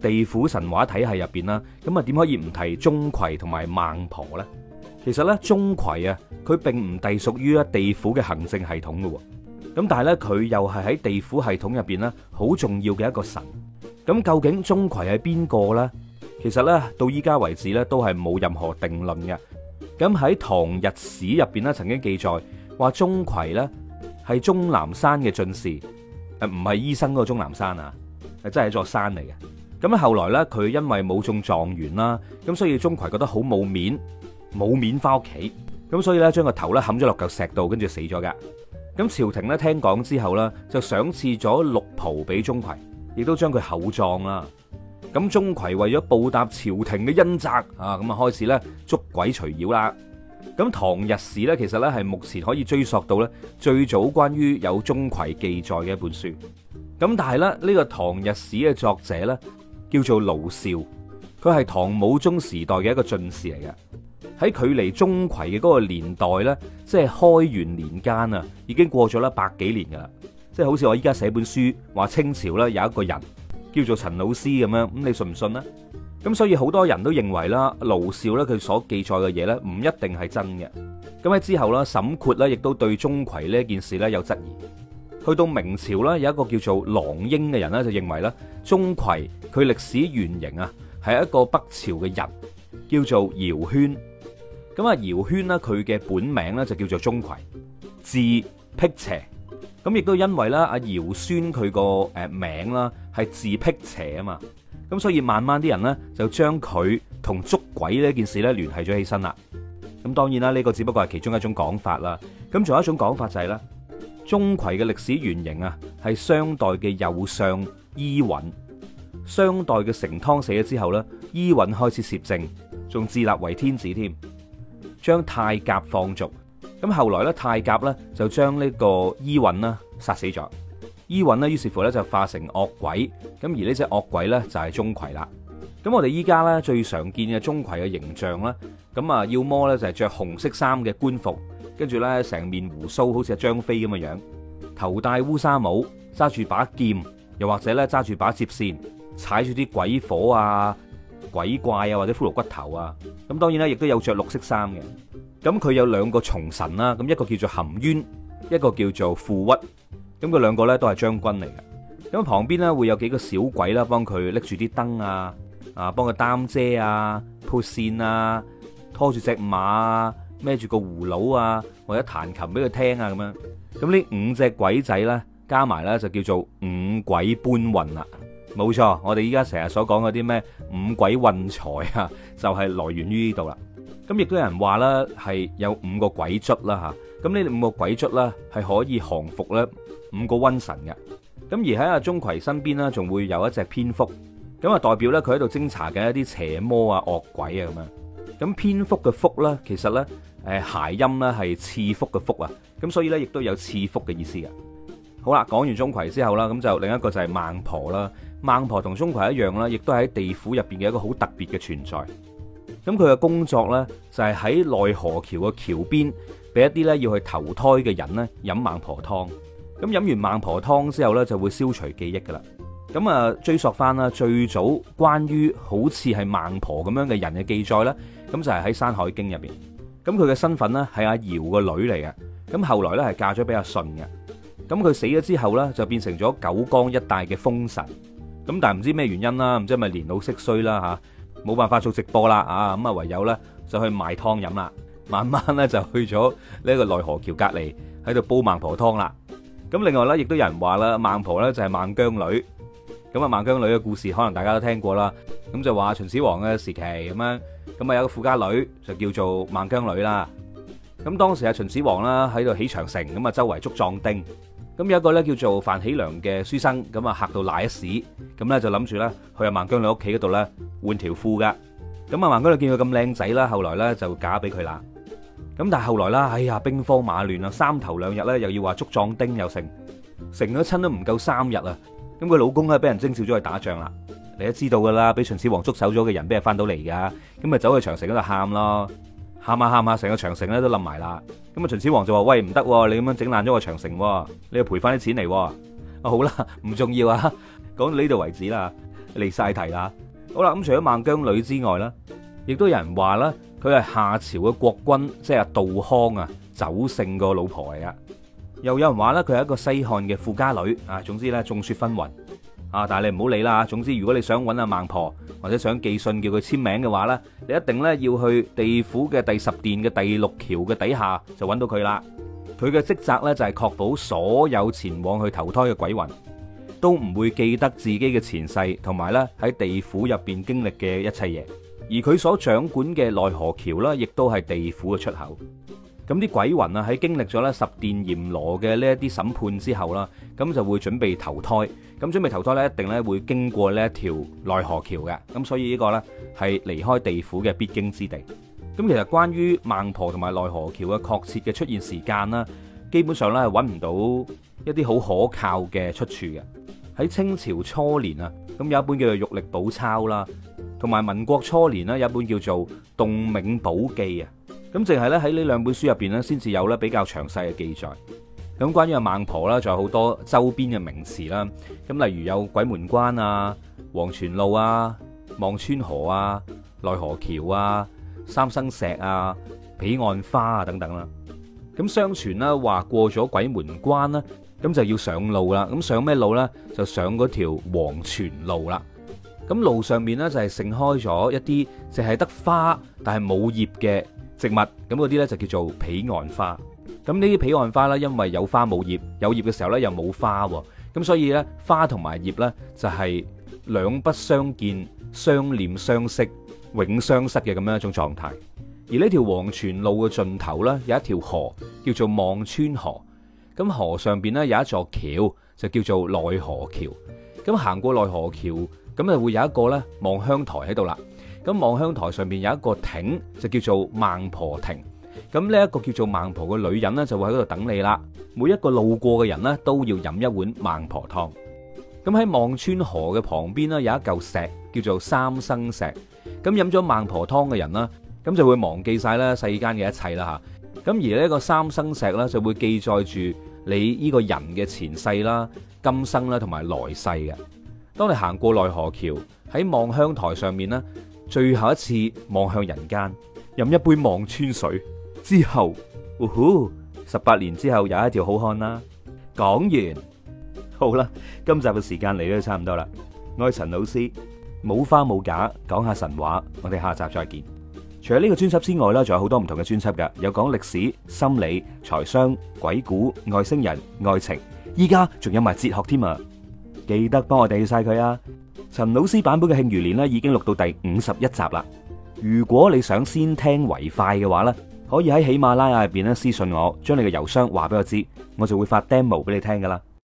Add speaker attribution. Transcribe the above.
Speaker 1: 地府神話體系入邊啦，咁啊點可以唔提鍾馗同埋孟婆呢？其實呢，鍾馗啊，佢並唔隸屬於地府嘅行政系統嘅喎。咁但係呢，佢又係喺地府系統入邊呢，好重要嘅一個神。咁究竟鍾馗係邊個呢？其實呢，到依家為止呢，都係冇任何定論嘅。咁喺《唐日史》入邊呢，曾經記載話鍾馗呢係終南山嘅進士，誒唔係醫生嗰個鍾南山啊，係真係一座山嚟嘅。咁後後來咧，佢因為冇中狀元啦，咁所以鍾馗覺得好冇面，冇面翻屋企，咁所以咧將個頭咧冚咗落嚿石度，跟住死咗㗎。咁朝廷呢聽講之後呢，就賞賜咗六袍俾鍾馗，亦都將佢厚葬啦。咁鍾馗為咗報答朝廷嘅恩澤啊，咁啊開始咧捉鬼除妖啦。咁《唐日史》咧，其實咧係目前可以追溯到咧最早關於有鍾馗記載嘅一本書。咁但係咧呢個《唐日史》嘅作者咧。叫做盧少，佢係唐武宗時代嘅一個進士嚟嘅，喺距離鍾馗嘅嗰個年代呢，即係開元年間啊，已經過咗啦百幾年噶啦，即係好似我依家寫本書話清朝呢，有一個人叫做陳老師咁樣，咁你信唔信呢？咁所以好多人都認為啦，盧少呢，佢所記載嘅嘢呢，唔一定係真嘅。咁喺之後啦，沈括呢，亦都對鍾馗呢件事呢有質疑。去到明朝咧，有一個叫做郎瑛嘅人咧，就認為咧，鍾馗佢歷史原型啊，係一個北朝嘅人，叫做姚軒。咁啊，姚軒呢，佢嘅本名咧就叫做鍾馗，字辟邪。咁亦都因為咧，阿姚軒佢個誒名啦，係字辟邪啊嘛。咁所以慢慢啲人咧，就將佢同捉鬼呢件事咧聯繫咗起身啦。咁當然啦，呢、這個只不過係其中一種講法啦。咁仲有一種講法就係、是、咧。鍾馗嘅歷史原型啊，係商代嘅右相伊尹。商代嘅成湯死咗之後呢，伊尹開始攝政，仲自立為天子添，將太甲放逐。咁後來呢，太甲呢就將呢個伊尹呢殺死咗。伊尹呢於是乎呢就化成惡鬼，咁而呢隻惡鬼呢，就係鍾馗啦。咁我哋依家咧最常見嘅鍾馗嘅形象啦。咁啊要麼咧就係着紅色衫嘅官服，跟住咧成面鬍鬚好似張飛咁嘅樣，頭戴烏紗帽，揸住把劍，又或者咧揸住把摺扇，踩住啲鬼火啊、鬼怪啊或者骷髏骨頭啊。咁當然咧亦都有着綠色衫嘅。咁佢有兩個從神啦，咁一個叫做含冤，一個叫做負屈。咁佢兩個咧都係將軍嚟嘅。咁旁邊咧會有幾個小鬼啦，幫佢拎住啲燈啊。啊，幫佢擔遮啊，潑扇啊，拖住隻馬啊，孭住個葫蘆啊，或者彈琴俾佢聽啊，咁樣。咁呢五隻鬼仔咧，加埋咧就叫做五鬼搬運啦，冇錯。我哋依家成日所講嗰啲咩五鬼運財啊，就係來源於呢度啦。咁亦都有人話咧，係有五個鬼卒啦吓。咁呢五個鬼卒咧，係可以降服咧五個瘟神嘅。咁而喺阿鍾馗身邊咧，仲會有一隻蝙蝠。咁啊，代表咧佢喺度偵查緊一啲邪魔啊、惡鬼啊咁樣。咁蝙蝠嘅蝠咧，其實咧，誒諧音咧係賜福嘅福啊。咁所以咧，亦都有賜福嘅意思啊。好啦，講完鍾馗之後啦，咁就另一個就係孟婆啦。孟婆同鍾馗一樣啦，亦都喺地府入邊嘅一個好特別嘅存在。咁佢嘅工作咧，就係喺奈何橋嘅橋邊，俾一啲咧要去投胎嘅人咧飲孟婆湯。咁飲完孟婆湯之後咧，就會消除記憶噶啦。咁啊，追溯翻啦，最早關於好似係孟婆咁樣嘅人嘅記載咧，咁就係喺《山海經》入面。咁佢嘅身份咧係阿堯個女嚟嘅。咁後來咧係嫁咗俾阿舜嘅。咁佢死咗之後咧就變成咗九江一帶嘅風神。咁但係唔知咩原因啦，唔知係咪年老色衰啦嚇，冇辦法做直播啦啊咁啊，唯有咧就去賣湯飲啦。慢慢咧就去咗呢個奈何橋隔離喺度煲孟婆湯啦。咁另外咧亦都有人話啦，孟婆咧就係孟姜女。咁啊，孟姜女嘅故事可能大家都聽過啦。咁就話秦始皇嘅時期咁樣，咁啊有個富家女就叫做孟姜女啦。咁當時啊秦始皇啦喺度起長城，咁啊周圍捉壯丁。咁有一個咧叫做范喜良嘅書生，咁啊嚇到瀨屎，咁咧就諗住咧去阿孟姜女屋企嗰度咧換條褲噶。咁啊孟姜女見佢咁靚仔啦，後來咧就嫁俾佢啦。咁但係後來啦，哎呀兵荒馬亂啊，三頭兩日咧又要話捉壯丁又成，成咗親都唔夠三日啦。咁佢老公咧俾人徵召咗去打仗啦，你都知道噶啦，俾秦始皇捉走咗嘅人，俾人翻到嚟噶，咁咪走去長城嗰度喊咯，喊下喊下，成個長城咧都冧埋啦。咁啊秦始皇就話喂，唔得，你咁樣整爛咗個長城，你又賠翻啲錢嚟，啊、哦、好啦，唔重要啊，講到呢度為止啦，離晒題啦。好啦，咁除咗孟姜女之外啦，亦都有人話啦，佢係夏朝嘅國君，即係杜康啊，酒聖個老婆嚟噶。又有人話啦，佢係一個西漢嘅富家女啊。總之呢眾說紛紜啊，但係你唔好理啦。總之，如果你想揾阿孟婆或者想寄信叫佢簽名嘅話呢，你一定呢要去地府嘅第十殿嘅第六橋嘅底下就揾到佢啦。佢嘅職責呢，就係確保所有前往去投胎嘅鬼魂都唔會記得自己嘅前世同埋呢喺地府入邊經歷嘅一切嘢，而佢所掌管嘅奈何橋呢，亦都係地府嘅出口。咁啲鬼魂啊，喺經歷咗咧十殿閻羅嘅呢一啲審判之後啦，咁就會準備投胎。咁準備投胎咧，一定咧會經過呢一條奈何橋嘅。咁所以呢個咧係離開地府嘅必經之地。咁其實關於孟婆同埋奈何橋嘅確切嘅出現時間啦，基本上咧係揾唔到一啲好可靠嘅出處嘅。喺清朝初年啊，咁有一本叫做《玉歷寶抄》啦，同埋民國初年呢，有一本叫做《洞冥寶記》啊。咁，淨係咧喺呢兩本書入邊咧，先至有咧比較詳細嘅記載。咁關於阿孟婆啦，仲有好多周邊嘅名詞啦。咁例如有鬼門關啊、黃泉路啊、望川河啊、奈何橋啊、三生石啊、彼岸花啊等等啦。咁相傳咧話過咗鬼門關啦，咁就要上路啦。咁上咩路咧？就上嗰條黃泉路啦。咁路上面咧就係盛開咗一啲，淨係得花但係冇葉嘅。植物咁嗰啲呢，就叫做彼岸花，咁呢啲彼岸花呢，因為有花冇葉，有葉嘅時候呢，又冇花，咁所以呢，花同埋葉呢，就係、是、兩不相見、相念相識、永相失嘅咁樣一種狀態。而呢條黃泉路嘅盡頭呢，有一條河，叫做望川河，咁河上邊呢，有一座橋就叫做奈河橋，咁行過奈河橋，咁就會有一個呢，望鄉台喺度啦。咁望鄉台上面有一個亭就叫做孟婆亭，咁呢一個叫做孟婆嘅女人呢，就會喺度等你啦。每一個路過嘅人呢，都要飲一碗孟婆湯。咁喺望川河嘅旁邊呢，有一嚿石叫做三生石。咁飲咗孟婆湯嘅人呢，咁就會忘記晒啦世間嘅一切啦吓。咁而呢一個三生石呢，就會記載住你呢個人嘅前世啦、今生啦同埋來世嘅。當你行過奈何橋喺望鄉台上面呢。最後一次望向人間，飲一杯忘川水之後，嗚呼！十八年之後有一條好漢啦。講完好啦，今集嘅時間嚟到差唔多啦。愛陳老師，冇花冇假講下神話，我哋下集再見。除咗呢個專輯之外仲有好多唔同嘅專輯噶，有講歷史、心理、財商、鬼故、外星人、愛情，依家仲有埋哲學添啊！記得幫我訂閱晒佢啊！陳老師版本嘅《慶餘年》咧已經錄到第五十一集啦。如果你想先聽為快嘅話咧，可以喺喜馬拉雅入邊咧私信我，將你嘅郵箱話俾我知，我就會發 demo 俾你聽噶啦。